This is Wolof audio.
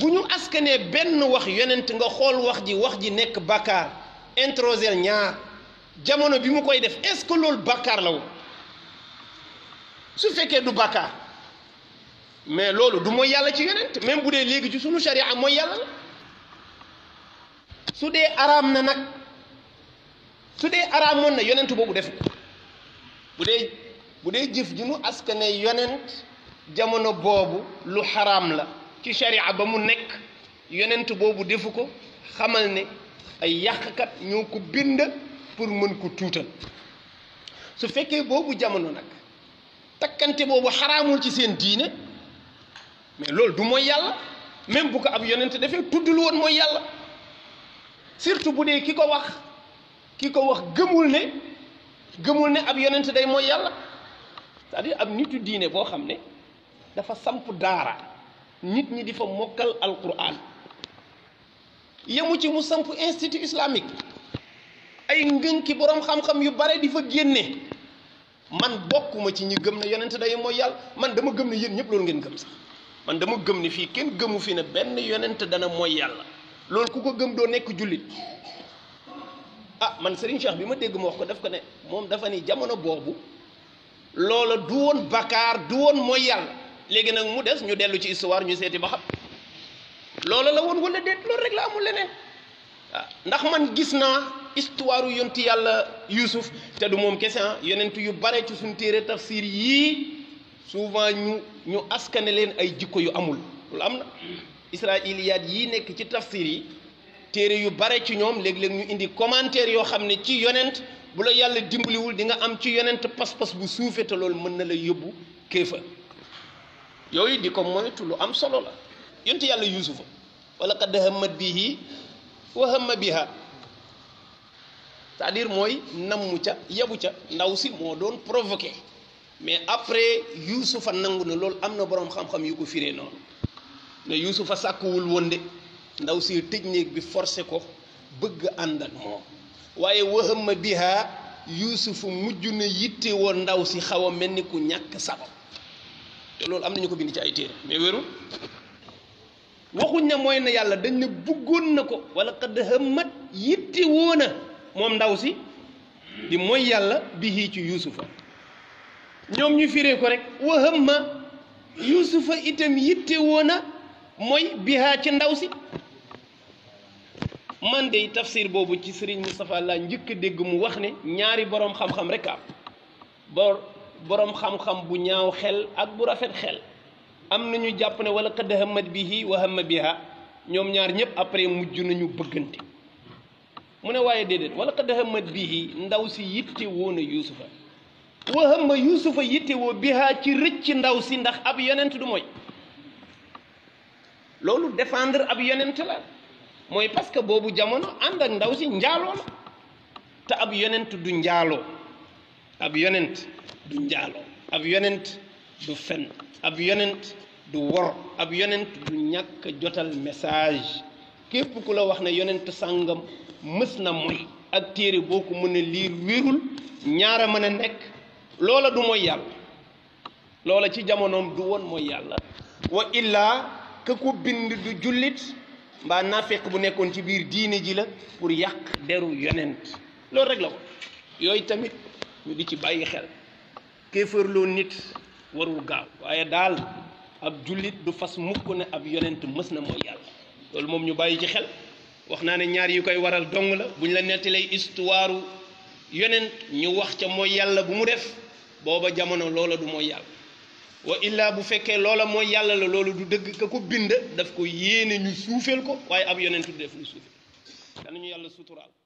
bu ñu askanee benn wax yonent nga xool wax ji wax ji nekk bàkkaar introsel ñaar jamono bi mu koy def est-ce loolu bàkkaar la woon su fekkee du bàkkaar mais loolu du mooy yàlla ci yonent même bu dee léegi ci sunu sharia mooy yàlla la su dee araam na nag su dee araamoon na yonent boobu def ko bu dee jëf ju nu askane yonent jamono boobu lu xaraam la ci sharia ba mu nekk yonent boobu defu ko xamal ne ay yàqkat ñoo ko bind pour mën ko tuutal su fekkee boobu jamono nag takkante boobu xaraamul ci seen diine mais loolu du mooy yàlla même bu ko ab yonent defee tuddul woon mooy yàlla surtout bu dee ki ko wax ki ko wax gëmul ne gëmul ne ab yonent day mooy yàlla c'est-à-dire ab nitu diine boo xam ne dafa samp daara nit ñi di fa mokkal alquran yemu ci mu samp institut islamique ay ngënki boroom xam-xam yu bare di fa génne man bokkuma ci ñi gëm ne yonent day mooy yàlla man dama gëm ne yéen ñëpp loolu ngeen gëm sax man dama gëm ne fii kenn gëmu fi ne benn yonent dana mooy yàlla loolu ku ko gëm doo nekk jullit ah man Serigne Cheikh bi ma dégg ma wax ko daf ko ne moom dafa ni jamono boobu loola du woon bakaar du woon mooy yàlla léegi nag mu des ñu dellu ci istuwaar ñu seeti ba xam loola la woon wala déet loolu rek la amul leneen ndax man gis naa histoire yontu yàlla Yuusuf te du moom kese ah yonent yu bare ci suñu téere tafsir yii souvent ñu ñu askane leen ay jikko yu amul am na israiliyaat yii nekk ci tafsir yi téere yu bare ci ñoom léeg-léeg ñu indi commentaire yoo xam ne ci yonent bu la yàlla dimbaliwul di nga am ci yonent pas-pas bu suufee te loolu mën na la yóbbu kéefa yooyu di ko moytu lu am solo la yonent yàlla yuusufa wala qad hammat bihi wa hamma biha c'est-à-dire mooy namm ca yebu ca ndaw si moo doon provoqué mais après yuusufa nangu na loolu am na boroom xam-xam yu ko firee noonu ne yuusufa sàkkuwul woon de ndaw si tëj néeg bi forcé ko bëgg ànd ak moom waaye bi biha yuusufa mujj na yitte woon ndaw si xaw a mel ni ku ñàkk sabab loolu am na ñu ko bind ci ay téere mais wérul waxuñ ne mooy na yàlla dañ na buggoon na ko wala qad hammat yitti woo na moom ndaw si di mooy yàlla bihi ci yuusufa ñoom ñu fiire ko rek wa hamma yuusufa itam yitte woo na mooy bihaa ci ndaw si man de tafsir boobu ci sëriñ Moustapha laa njëkk a dégg mu wax ne ñaari boroom xam-xam rek am bor boroom xam-xam bu ñaaw xel ak bu rafet xel am na ñu jàpp ne wala qad hammat bihi wa hamma biha ñoom ñaar ñëpp après mujj nañu bëggante mu ne waaye déedéet wala qad bi bihi ndaw si yitte woo na yuusufa wa hamma yuusufa yitte woo biha ci rëcc ndaw si ndax ab yonent du mooy loolu defendre ab yonent la mooy parce que boobu jamono ànd ak ndaw si njaaloo la te ab yonent du njaaloo ab yonent du njaaloo ab yonent du fen ab yonent du wor ab yonent du ñàkk jotal message képp ku la wax na yonent sàngam mës na moy ak téere boo ko mën a liir wérul ñaara mën a nekk loola du mooy yàlla loola ci jamonoom du woon mooy yàlla wa illaa ka ko bind du jullit mbaa naafeq bu nekkoon ci biir diine ji la pour yàq deru yonent loolu rek la ko yooyu tamit ñu di ci bàyyi xel kéefërloo nit warul gaaw waaye daal ab jullit du fas mukk ne ab yonent mës na mooy yàlla loolu moom ñu bàyyi ci xel wax naa ne ñaar yu koy waral dong la bu ñu la nettalee histoire yonent ñu wax ca mooy yàlla bu mu def booba jamono loola du mooy yàlla wa illaa bu fekkee loola mooy yàlla la loolu du dëgg ka ko bind daf ko yéene ñu suufeel ko waaye ab yonent du def lu suufeel danañu yàlla suturaal